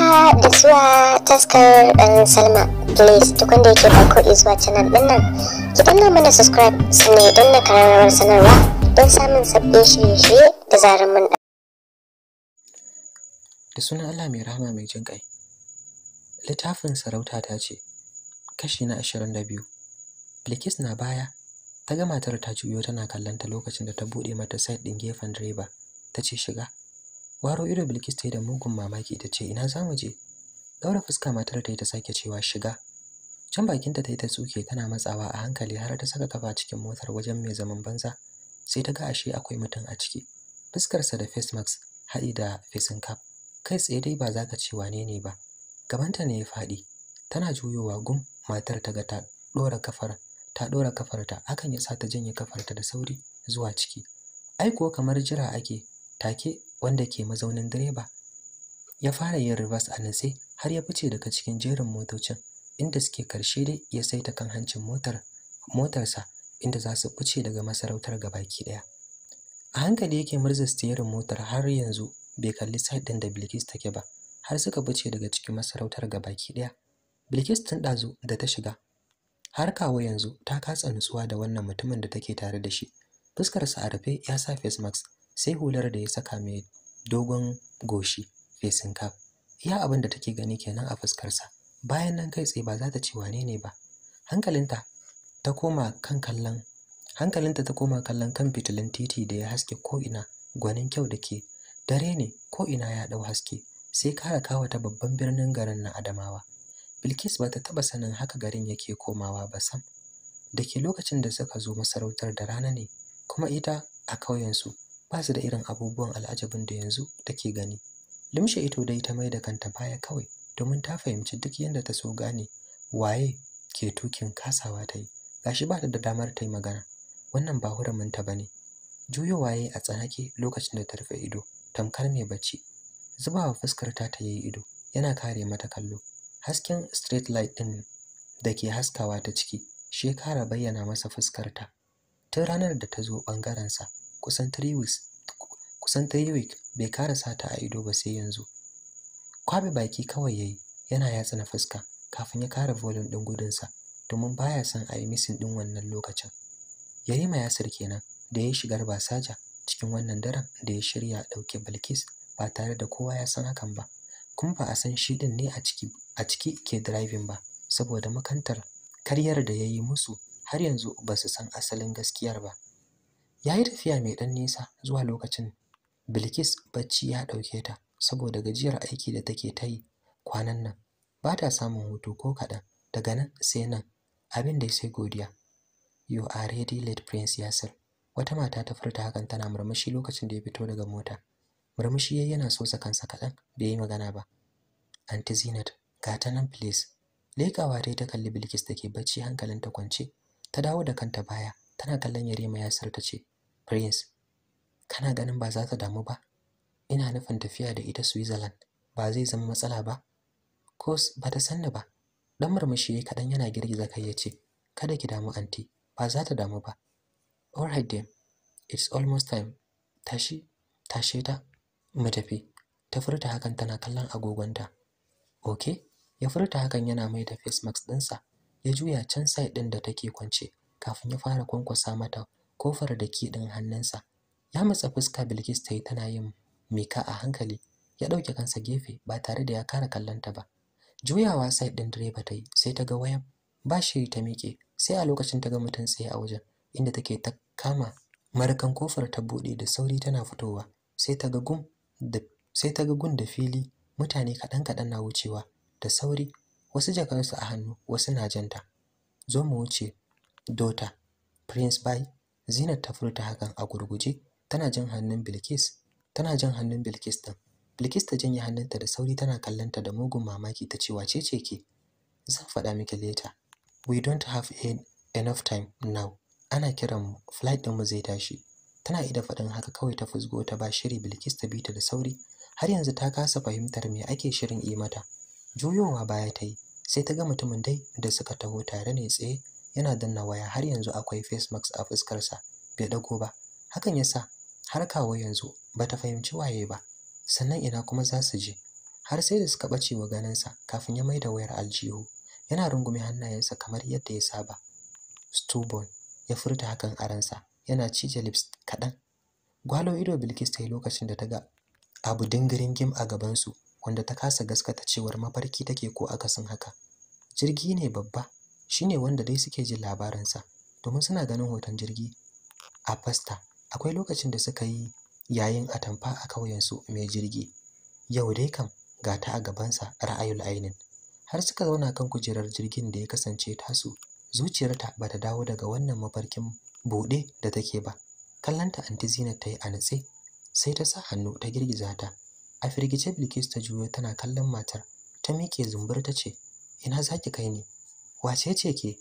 haka da zuwa taskar ɗan salma please duk wanda yake farko izuwa canal ɗin nan ki danna mana subscribe sannan don na kararrawar sanarwa don samun sabbin shirye-shirye da zarar mun da da sunan allah mai rahama mai jin ƙai littafin sarauta ta ce kashi na ashirin da biyu bilkis na baya ta ga matar ta juyo tana kallonta lokacin da ta buɗe mata side ɗin gefen direba ta ce shiga Waro ido Bilkis ta yi da mugun mamaki ta ce, Ina za mu je? Ɗaura fuska matar ta yi ta sake cewa shiga. Can bakinta ta yi ta tsuke tana matsawa a hankali har ta saka kafa cikin motar wajen mai zaman banza. Sai ta ga ashe akwai mutum a ciki. Fuskarsa da face mask haɗi da facing cap. Kai tsaye dai ba za ka ce wane ne ba. Gabanta ne ya faɗi. Tana juyowa gum matar ta ga ta ɗora kafar ta ɗora kafarta hakan ya sa ta janye kafarta da sauri zuwa ciki ai kuwa kamar jira ake take wanda ke mazaunin direba ya fara yin reverse a natse har ya fice daga cikin jerin motocin inda suke karshe dai ya saita kan hancin motar motarsa inda za su fice daga masarautar gabaki ɗaya. a hankali yake murza steering motar har yanzu bai kalli side ɗin da Bilkis take ba har suka fice daga cikin masarautar gabaki ɗaya. Bilkis tun ɗazu da ta shiga har kawo yanzu ta katsa nutsuwa da wannan mutumin da take tare da shi fuskar sa a rufe ya sa face mask sai hular da ya saka mai dogon goshi facing cap iya abin da take gani kenan a fuskarsa bayan nan kai tsaye ba za ta ce wane ne ba hankalinta ta koma kan kallon hankalinta ta koma kallon kan fitilin titi da ya haske ko ina gwanin kyau da ke dare ne ko ina ya dau haske sai kara kawo ta babban birnin garin na adamawa bilkis ba ta taɓa sanin haka garin yake komawa ba sam da ke lokacin da suka zo masarautar da rana ne kuma ita a ƙauyensu ba su da irin abubuwan al'ajabin da yanzu take gani limshe ito dai ta mai da kanta baya kawai domin ta fahimci duk yadda ta so gane waye ke tukin kasawa ta yi gashi ba ta da damar ta yi magana wannan ba huraminta ba ne juyo waye a tsanake lokacin da ta rufe ido tamkar mai bacci zubawa fuskar ta ta yi ido yana kare mata kallo hasken street light din da ke haskawa ta ciki shi kara bayyana masa fuskarta. tun ranar da ta zo ɓangarensa kusan 3 weeks kusan 3 weeks bai kara sata a ido ba sai yanzu kwabe baki kawai yayi yana yatsa na fuska kafin ya kara volume din gudunsa domin baya son ayi missing din wannan lokacin yarima ya kenan da ya shigar basaja cikin wannan daren da ya shirya dauke ɗauke bilkis ba tare da kowa ya san hakan ba kuma ba a san shi din ne a ciki a ciki ke driving ba saboda makantar karyar da ya yi musu har yanzu ba su san asalin gaskiyar ba ya yi tafiya mai ɗan nisa zuwa lokacin bilkis bacci ya ɗauke ta saboda gajiyar aiki da take ta yi kwanan nan ba ta samun hutu ko kaɗan daga nan sai nan abin da sai godiya you are ready late prince yasir wata mata ta furta hakan tana murmushi lokacin da ya fito daga mota murmushi yayi yana sosa kansa kaɗan bai yi magana ba anti zinat ga ta nan please lekawa dai ta kalli bilkis da ke bacci hankalin ta kwance ta dawo da kanta baya tana kallon Yarema yasir ta ce Prince, kana ganin ba za ta damu ba? Ina nufin tafiya da ita Switzerland, ba zai zama matsala ba? Kos ba ta sanni ba? Dan murmushi kaɗan yana girgiza kai ya ce, Kada ki damu anti, ba za ta damu ba. All right then, it's almost time. Tashi, tashe ta, mu tafi. Ta furta hakan tana kallon agogonta. Ok. ya furta hakan yana mai da face mask ɗinsa, ya juya can side ɗin da take kwance kafin ya fara kwankwasa mata kofar da ke ɗin hannunsa ya matsa fuska bilkis ta yi tana yin mika a hankali ya ɗauke kansa gefe ba tare da ya kara kallonta ba juyawa sai ɗin direba ta yi sai ta ga wayan ba shiri ta miƙe sai a lokacin ta ga mutum tsaye a wajen inda take ta kama markan kofar ta buɗe da sauri tana fitowa sai ta ga gum da sai ta ga gun da fili mutane kaɗan kaɗan na wucewa da sauri wasu jakarsu a hannu wasu na janta zo mu wuce dota prince bai Zainab ta furta hakan a gurguje tana jan hannun Bilkis tana jan hannun Bilkis din. Bilkis ta janye hannunta da sauri tana kallonta da mugun mamaki ta ce wace ce ke? Zan faɗa miki later. We don't have enough time now. Ana kiran mu flight din mu zai tashi. Tana ida faɗin haka kawai ta fusgo ta ba shiri Bilkis ta bi da sauri har yanzu ta kasa fahimtar me ake shirin yi mata. Juyowa baya ta yi sai ta ga mutumin dai da suka taho tare ne tsaye yana danna waya har yanzu akwai face mask a fuskarsa bai dago ba hakan yasa har kawo yanzu bata fahimci waye ba sannan ina kuma za su je har sai da suka bace wa ganinsa kafin ya maida wayar aljihu yana rungume hannayensa kamar yadda ya saba stubborn ya furta hakan a ransa yana cije lips kaɗan gwalo ido bilkis ta yi lokacin da ta ga abu dingirin Gim a gabansu wanda ta kasa gaskata cewar mafarki take ko akasin haka jirgi ne babba Shi ne wanda dai suke jin labarinsa domin suna ganin hoton jirgi a fasta akwai lokacin da suka yi yayin atamfa a ƙauyensu mai jirgi yau dai kam ga ta a gabansa ra'ayul ainin har suka zauna kan kujerar jirgin da ya kasance tasu zuciyarta ba ta dawo daga wannan mafarkin buɗe da take ba kallanta anti zinat ta yi a natse sai ta sa hannu ta girgiza ta a firgice bilkis ta juyo tana kallon matar ta miƙe zumbur ta ce ina za ki kai ne wace ce ke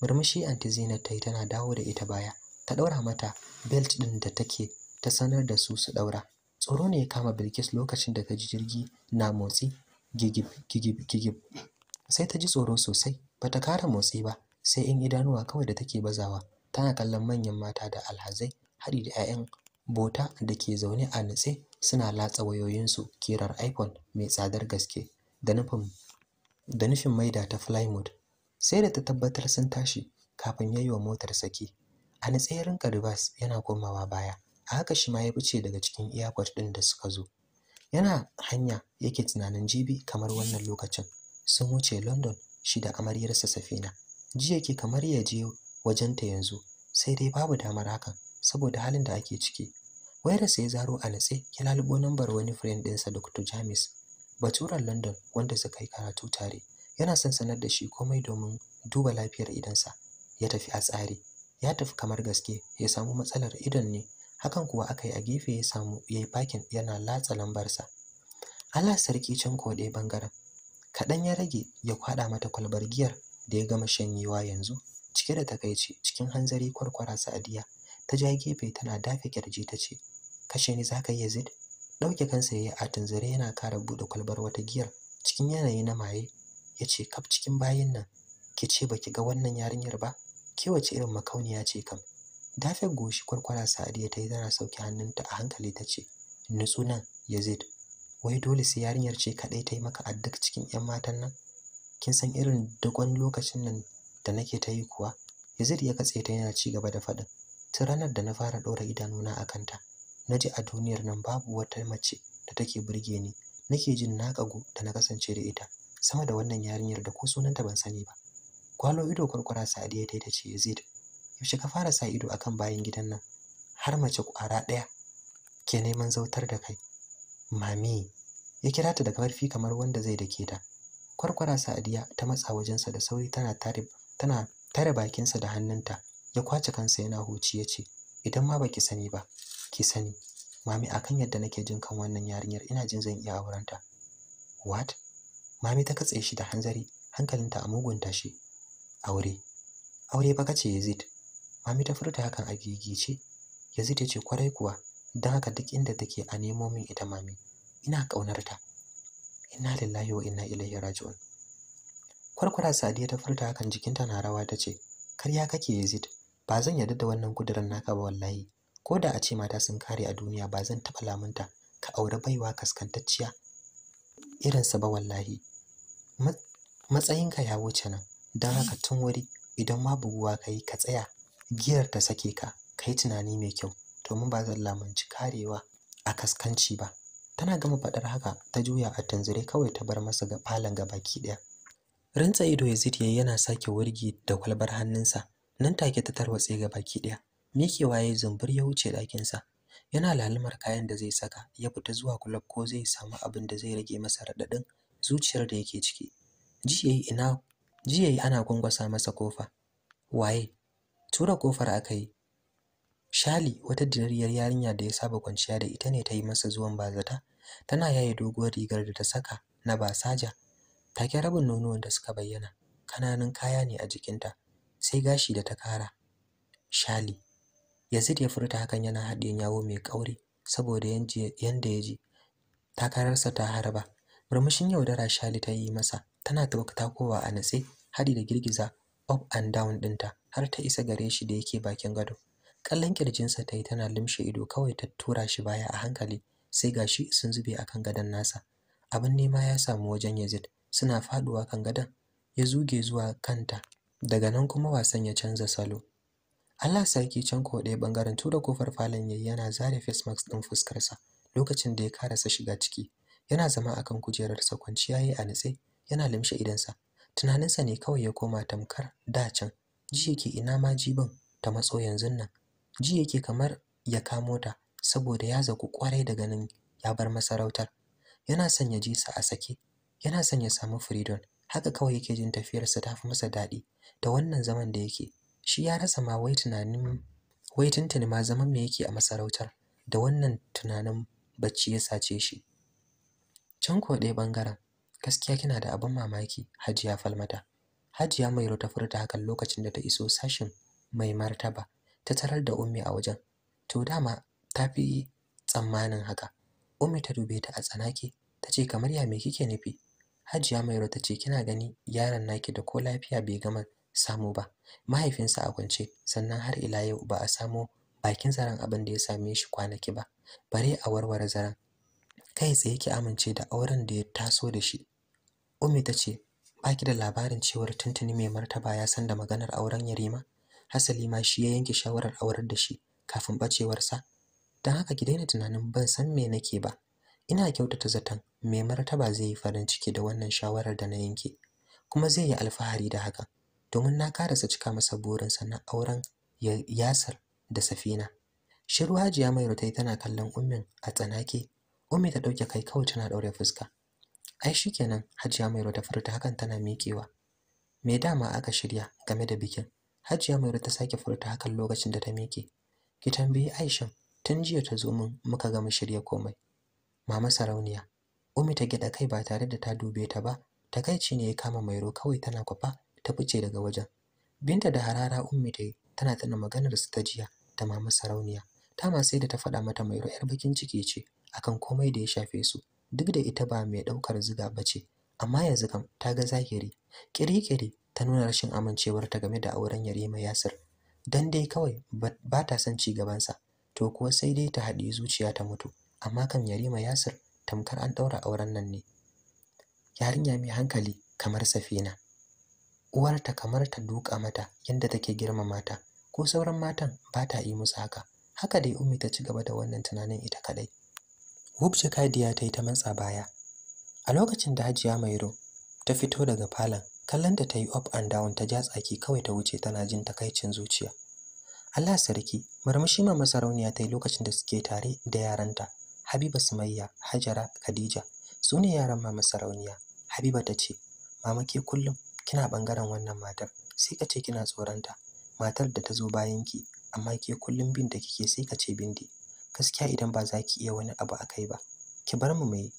murmushi anti Zinat ta yi tana dawo da ita baya ta daura mata belt din da take ta sanar da su su daura tsoro ne ya kama Bilkis lokacin da ta ji jirgi na motsi gigib gigib gigib sai ta ji tsoro sosai bata kara motsi ba sai in idanuwa kawai da take bazawa tana kallon manyan mata da alhazai haɗi da 'ya'yan bota da ke zaune a nutse suna latsa wayoyinsu kirar iphone mai tsadar gaske da nufin da nufin maida ta Fly mode. sai da ta tabbatar sun tashi kafin ya yi wa motar saki a natse karibas yana komawa baya a haka shi ma ya fice daga cikin airport ɗin da suka zo yana hanya yake tunanin jibi kamar wannan lokacin sun wuce london shi da amaryarsa safina Jiya yake kamar ya je wajenta yanzu sai dai babu damar hakan saboda halin da ake ciki wayarsa ya zaro a natse ya lalubo nambar wani friend ɗinsa dr james baturan london wanda suka yi karatu tare yana son sanar da shi komai domin duba lafiyar idansa ya tafi a tsari, ya tafi kamar gaske ya samu matsalar idon ne hakan kuwa aka yi a gefe ya samu ya yi fakin yana latsa lambarsa ala sarki can koɗe bangaren kaɗan ya rage ya kwaɗa mata kwalbar giyar da ya gama shanyewa yanzu cike da takaici cikin hanzari kwarkwara sa'adiya ta ja gefe tana dafe kirji ta ce kashe ni zaka yi yazid ɗauke kansa ya yi a tunzare yana kara buɗe kwalbar wata giyar cikin yanayi na maye ya ce kaf cikin bayin nan ki ce ba ki ga wannan yarinyar ba ke wace irin makauniya ce kam dafe goshi kwarkwara sa'adiya ta yi tana sauke hannunta a hankali ta ce nutsu nan yazid wai dole sai yarinyar ce kaɗai ta yi maka adduk cikin 'yan matan nan kin san irin dogon lokacin nan da nake ta yi kuwa yazid ya katse ta yana ci gaba da faɗin tun ranar da na fara ɗora idanuna a kanta na ji a duniyar nan babu wata mace da take burge ni nake jin na kagu da na kasance da ita sama da wannan yarinyar da ko sunanta ban sani ba gwalo ido kwarkwara sadiya ta ta ce yazid yaushe ka fara sa ido akan bayan gidan nan har mace kwara ɗaya ke neman zautar da kai mami ya kira ta da karfi kamar wanda zai dake ta kwarkwara sadiya ta matsa wajensa da sauri tana tare tana tare bakinsa da hannunta ya kwace kansa yana huci ya ce idan ma baki sani ba ki sani mami akan yadda nake jin kan wannan yarinyar ina jin zan iya aurenta what Mami ta katse shi da hanzari, hankalinta a mugunta shi. Aure. Aure baka ce Yazid. Mami ta furta hakan a gigice. Yazid ya ce kwarai kuwa, don haka duk inda take a nemo min ita mami. Ina ƙaunarta. Inna lillahi wa inna ilaihi raji'un. Kwarkwara Sadiya ta furta hakan jikinta na rawa ta ce, "Karya kake Yazid, ba zan yarda da wannan kudirin naka ba wallahi. Ko da a ce mata sun kare a duniya ba zan taɓa lamunta ka aure baiwa kaskantacciya irinsa ba wallahi." matsayinka ya wuce nan don haka tun wuri idan ma buguwa ka yi ka tsaya giyar ta sake ka ka yi tunani mai kyau domin ba zan lamunci karewa a kaskanci ba tana gama faɗar haka ta juya a tanzire kawai ta bar masa ga falon baki ɗaya rantsa ido zidi yayi yana sake wurgi da kwalbar hannunsa nan take ta tarwatse ga baki ɗaya mikewa yayi zumbur ya wuce ɗakinsa yana lalumar kayan da zai saka ya fita zuwa kulab ko zai samu abin da zai rage masa raɗaɗin zuciyar da yake ciki ji yayi ina ji ana gwangwasa masa kofa waye tura kofar aka yi shali wata dinariyar yarinya da ya saba kwanciya da ita ne ta yi masa zuwan bazata tana yaye doguwar rigar da ta saka na basaja Ta take rabin nonuwan da suka bayyana Kananan kaya ne a jikinta sai gashi da ta kara shali yazid ya furta hakan yana haɗin yawo mai kauri saboda yanda ya ji takararsa ta harba Murmushin yaudara Shali ta yi masa, tana takowa a natse, hadi da girgiza up and down ɗinta har ta isa gare shi da yake bakin gado. Kallon kirjinsa ta yi tana limshe ido kawai ta tura shi baya a hankali sai gashi sun zube a kan gadon nasa. Abin nema ya samu wajen Yazid, suna faɗuwa kan gadon, ya zuge zuwa kanta. Daga nan kuma wasan ya canza salo. Allah sarki can ko ɗaya bangaren tura kofar falon yayi yana zare face mask ɗin fuskarsa lokacin da ya karasa shiga ciki. yana zama a kan akan kujerarsa kwanciya yayi a nitse yana limshe idansa tunaninsa ne kawai ya koma tamkar da can ji yake ina ma jibin ta matso yanzun nan ji yake kamar ya kamo ta saboda ya zaku kwarai daga nan ya bar masarautar yana son ya ji sa a sake yana son ya samu freedom haka kawai yake jin tafiyarsa ta fi masa daɗi da wannan zaman da yake shi ya rasa ma wai tunanin wai tuntuni ma zaman me yake a masarautar da wannan tunanin bacci ya sace shi Can ko ɗaya ɓangaren, gaskiya kina da abin mamaki, Hajiya Falmata. Hajiya mai ta furta hakan lokacin da ta iso sashen mai martaba, ta tarar da Ummi a wajen. To dama ta fi tsammanin haka. Ummi ta dube ta a tsanake, ta ce kamar ya me kike nufi? Hajiya mai ta ce kina gani yaron naki da ko lafiya bai gama samu ba. Mahaifinsa a kwance, sannan har ila yau ba a samo bakin zaren abin da ya same shi kwanaki ba. Bare a warware zaren. kai tsaye ki amince da auren da ya taso da shi ummi ta ce ba ki da labarin cewar tuntuni mai martaba ya san da maganar auren yarima hasali ma shi ya yanke shawarar aurar da shi kafin bacewarsa don haka ki daina tunanin ban san me nake ba ina kyautata zaton mai martaba zai yi farin ciki da wannan shawarar da na yanke kuma zai yi alfahari da haka domin na karasa cika masa burinsa na auren yasar da safina shiru hajiya mai rutai tana kallon ummin a tsanake Umi ta dauke kai kawai tana daure fuska. Ai shikenan, Hajiya Mairo ta furta hakan tana mikewa Me dama aka shirya game da bikin? Hajiya Mairo ta sake furta hakan lokacin da ta mike Ki tambayi Aisha, tun jiya ta zo mun muka ga mu shirya komai. Mama Sarauniya, Ummi ta gida kai ba tare da ta dube ta ba, ta kai ci ne ya kama Mairo kawai tana kwafa ta fice daga wajen. Binta da harara Ummi ta yi tana tana maganar su ta jiya da Mama Sarauniya. Ta ma sai da ta faɗa mata Mairo 'yar bakin ciki ce, akan komai da ya shafe su duk da ita ba mai ɗaukar ziga ba ce amma yanzu kam ta ga zahiri ƙiri ta nuna rashin amincewar ta game da auren Yarima Yasir dan dai kawai ba ta son ci gabansa to kuwa sai dai ta haɗi zuciya ta mutu amma kan Yarima Yasir tamkar an ɗaura auren nan ne yarinya mai hankali kamar safina uwarta kamar ta duka mata yadda take girmama ta ko sauran matan ba ta yi musu haka haka dai ummi ta ci gaba da wannan tunanin ita kadai wuf jakadiya ta yi ta matsa baya a lokacin da hajiya mairo ta fito daga falon kallon da ta yi up and down ta ja tsaki kawai ta wuce tana jin takaicin zuciya Allah sarki murmushi ma masarauniya ta yi lokacin da suke tare da yaranta Habiba Sumayya Hajara Khadija su ne yaran mama sarauniya Habiba ta ce mama ke kullum kina bangaren wannan matar sai ka ce kina tsoronta matar da ta zo bayan ki amma ke kullum bin da kike sai ka ce bindi gaskiya idan ba za ki iya wani abu a kai ba ki bar mu mai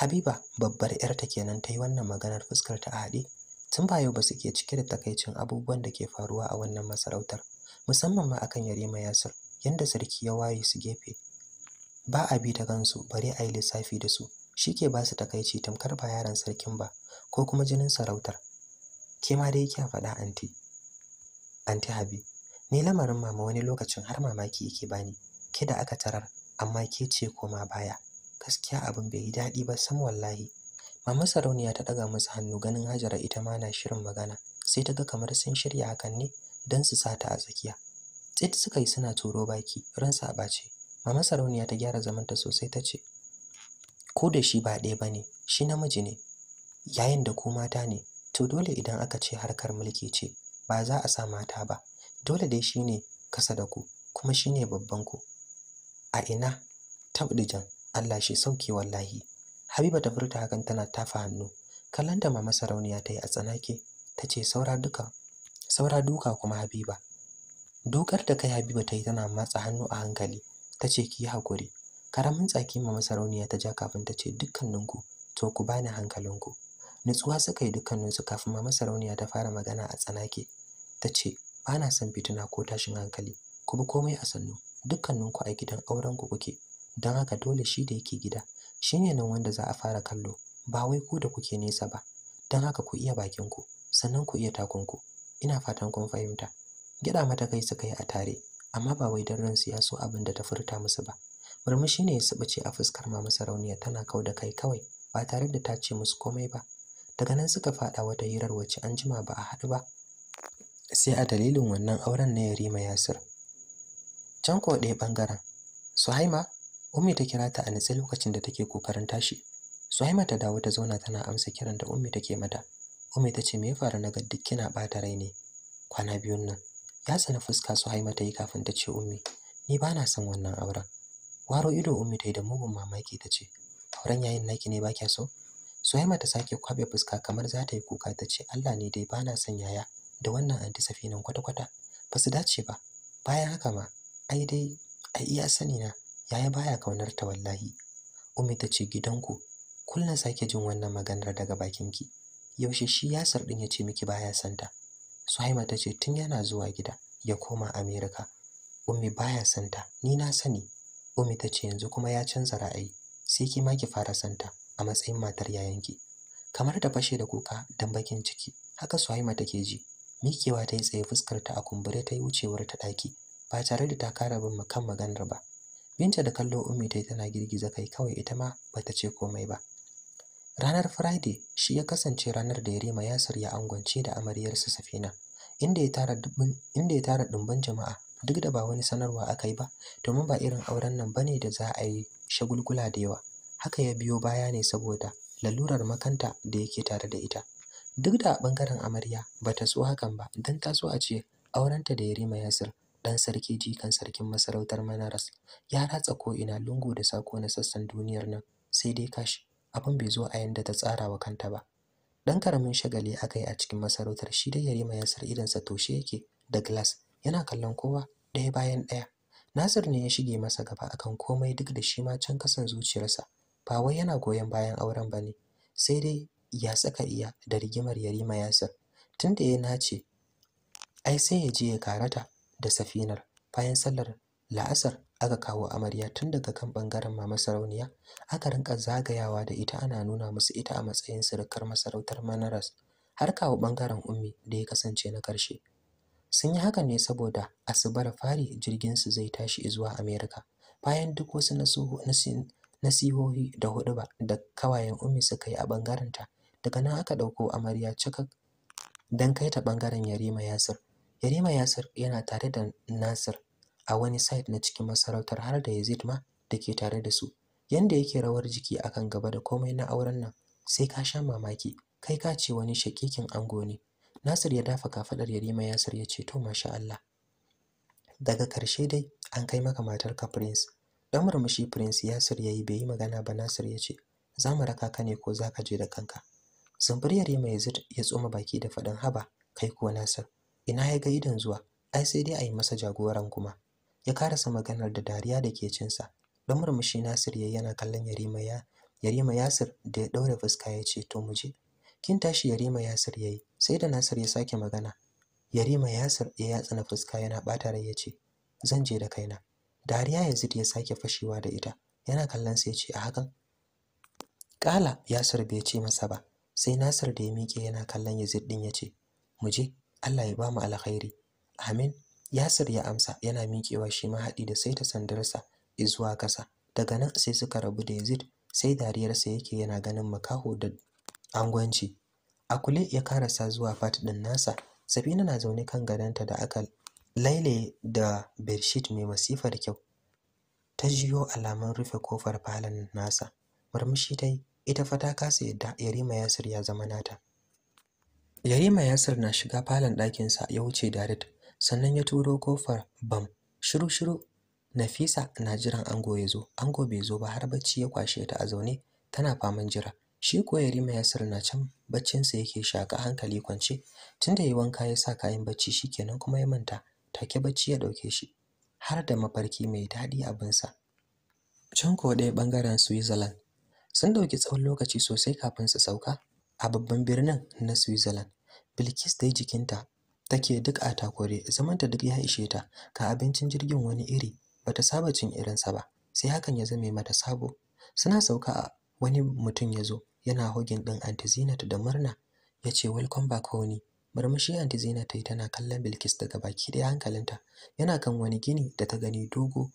habiba babbar yarta kenan ta yi wannan maganar fuskar ta a haɗe tun ba yau ba suke cike da takaicin abubuwan da ke faruwa a wannan masarautar musamman ma akan yarima yasir yanda sarki ya waye su gefe ba a bi ta kansu bare a yi lissafi da su shi ke ba su takaici tamkar ba yaran sarkin ba ko kuma jinin sarautar ke ma dai kya faɗa anti anti habi ni lamarin mama wani lokacin har mamaki yake bani ke da aka tarar amma ke ce koma baya gaskiya abin bai yi daɗi ba sam wallahi mama sarauniya ta ɗaga masa hannu ganin hajara ita ma na shirin magana sai ta ga kamar sun shirya hakan ne don su sa ta a tsakiya tsit suka yi suna turo baki ransa a ɓace mama sarauniya ta gyara zamanta sosai ta ce ko da shi ba ɗaya ba ne shi namiji ne yayin da ku mata ne to dole idan aka ce harkar mulki ce ba za a sa mata ba dole dai shi ne kasa da ku kuma shi ne babban ku a ina tabdijan Allah shi sauke wallahi Habiba ta furta hakan tana tafa hannu kallon da mama sarauniya ta yi a tsanake ta ce saura duka saura duka kuma Habiba dokar da kai Habiba ta yi tana matsa hannu a hankali ta ce ki yi hakuri karamin tsaki mama sarauniya ta ja kafin ta ce dukkaninku to ku bani hankalinku nutsuwa suka yi dukkaninsu kafin mama sarauniya ta fara magana a tsanake ta ce ba na son fitina ko tashin hankali ku bi komai a sannu dukkaninku a gidan aurenku kuke don haka dole shi da yake gida shine nan wanda za a fara kallo ba wai ku da kuke nesa ba don haka ku iya bakin ku sannan ku iya takunku ina fatan kun fahimta gida mata kai suka yi a tare amma ba wai don ransu ya so abin da ta furta musu ba murmushi ne ya subuce a fuskar mama sarauniya tana kau da kai kawai ba tare da ta ce musu komai ba daga nan suka faɗa wata hirar wacce an jima ba a haɗu ba sai a dalilin wannan auren na yarima yasir can ko ɗaya ɓangaren suhaima ummi ta kira ta a nitse lokacin da take kokarin tashi suhaima ta dawo ta zauna tana amsa kiran da ummi take mata ummi ta ce me ya faru na ga kina ɓata rai ne kwana biyun nan ya tsana fuska suhaima ta yi kafin ta ce ummi ni ba na son wannan auren waro ido ummi ta yi da mugun mamaki ta ce auren yayin naki ne ba kya so suhaima ta sake kwabe fuska kamar za ta yi kuka ta ce allah ne dai ba na son yaya da wannan anti safinan kwata-kwata ba su dace ba bayan haka ma ai dai a iya sani na yaya baya kaunar ta wallahi ummi ta ce gidanku kullun sake jin wannan maganar daga bakin ki. yaushe shi yasar din ya ce miki baya santa? suhaima ta ce tun yana zuwa gida ya koma Amerika. ummi baya santa ni na sani ummi ta ce yanzu kuma ya canza ra'ayi sai ki ma ki fara santa a matsayin matar yayanki kamar da fashe da kuka dan bakin ciki haka suhaima take ji mikewa ta yi tsaye fuskar ta a kumbure ta yi wucewar ta daki ba tare da ta kara bin kan maganar ba binta da kallo ummi tai tana girgiza kai kawai ita ma bata ce komai ba ranar friday shi ya kasance ranar da yarima yasir ya angwance da amaryarsa safina inda ya tara dubbin inda ya tara jama'a duk da ba wani sanarwa aka yi ba domin ba irin auren nan bane da za a yi shagulgula da yawa haka ya biyo baya ne saboda lalurar makanta da yake tare da ita duk da a bangaren amarya bata so hakan ba don ta so a ce aurenta da yarima yasir ɗan sarki jikan sarkin masarautar Manaras ya ratsa ko'ina lungu da sako na sassan duniyar nan sai dai kashi abin bai zo a yanda ta tsara wa kanta ba ɗan karamin shagali aka yi a cikin masarautar shi dai yarima ya sar idansa toshe yake da glass yana kallon kowa ɗaya bayan ɗaya Nasir ne ya shige masa gaba akan komai duk da shi ma can kasan zuciyarsa ba wai yana goyon bayan auren ba ne sai dai ya saka iya da rigimar yarima yasar tunda ya nace ai sai ya je ya karata da safinar bayan sallar la'asar aka kawo amarya tun daga kan bangaren mama sarauniya aka rinka zagayawa da ita ana nuna musu ita a matsayin surukar masarautar manaras har kawo bangaren ummi da ya kasance na karshe sun yi haka ne saboda asubar fari jirgin su zai tashi zuwa america bayan duk wasu nasihohi da ba da kawayen ummi suka yi a ta daga nan aka dauko amarya cikak dan kai ta bangaren yarima yasir Yarima Yasir yana tare da Nasir a wani site na cikin masarautar har da Yazid ma da ke tare da su. Yanda yake rawar jiki akan gaba da komai na auren nan sai ka sha mamaki kai ka ce wani shakikin ango ne. Nasir ya dafa kafadar Yarima Yasir ya ce to masha Allah. Daga karshe dai an kai maka matarka Prince. Dan murmushi Prince Yasir yayi bai yi magana ba Nasir ya ce za mu raka ka ne ko za ka je da kanka. Zumbur Yarima Yazid ya tsoma baki da faɗin haba kai ko Nasir ina ya ga idon zuwa ai sai dai a yi masa jagoran kuma ya karasa maganar da dariya da ke cinsa don murmushi nasir ya yana kallon yarima ya yarima yasir da ya ɗaure fuska ya ce to muje kin tashi yarima yasir ya yi sai da nasir ya sake magana yarima yasir ya yatsa na fuska yana ɓata rai ya ce zan je da kaina dariya ya ya sake fashewa da ita yana kallon sai ya ce a hakan kala yasir bai ce masa ba sai nasir da ya miƙe yana kallon yazid din ya ce mu Allah ya ba mu alkhairi amin Yasir ya amsa yana miƙewa shi ma haɗi da saita sandarsa izuwa ƙasa daga nan sai suka rabu da Yazid sai dariyarsa yake yana ganin makaho da angwanci akule ya karasa zuwa fat ɗin nasa Safina na zaune kan gadonta da aka laile da bedsheet mai masifar kyau ta jiyo alamun rufe kofar falon nasa murmushi ta yi ita fa ta kasa yadda yarima yasir ya zama nata Yarima Yasir na shiga falon ɗakinsa ya wuce Darit, sannan ya turo kofar bam. Shiru-shiru Nafisa na jiran ango ya zo. Ango bai zo ba har bacci ya kwashe ta a zaune tana faman jira. Shi ko Yarima Yasir na can baccinsa yake shaka hankali kwance. Tunda yayi wanka ya sa kayan bacci shikenan kuma ya manta. Take bacci ya ɗauke shi har da mafarki mai daɗi abinsa. Can ko ɗaya ɓangaren Switzerland sun ɗauki tsawon lokaci sosai kafin su sauka a babban birnin na Switzerland. Bilkis dai jikinta take duk a takure zamanta duk ya ishe ta kan abincin jirgin wani iri bata saba cin irinsa ba sai hakan ya zame mata sabo suna sauka a wani mutum ya zo yana hogin ɗin anti Zinatu da murna ya ce welcome back honey murmushi anti Zinatu ta yi tana kallon Bilkis daga baki ɗaya hankalinta yana kan wani gini da ta gani dogo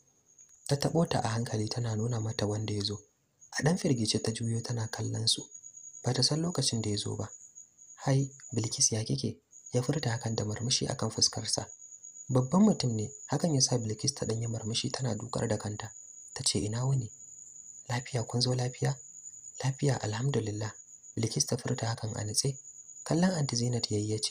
ta taɓota ta a hankali tana nuna mata wanda ya zo a ɗan firgice ta juyo tana kallon su bata san lokacin da ya zo ba hai bilkis ya kike ya furta hakan da murmushi akan fuskarsa babban mutum ne hakan ya sa bilkis ta danyi murmushi tana dukar da kanta ta ce ina wuni lafiya kun zo lafiya lafiya alhamdulillah bilkis ta furta hakan a nitse kallon anti zinat yayi ya ce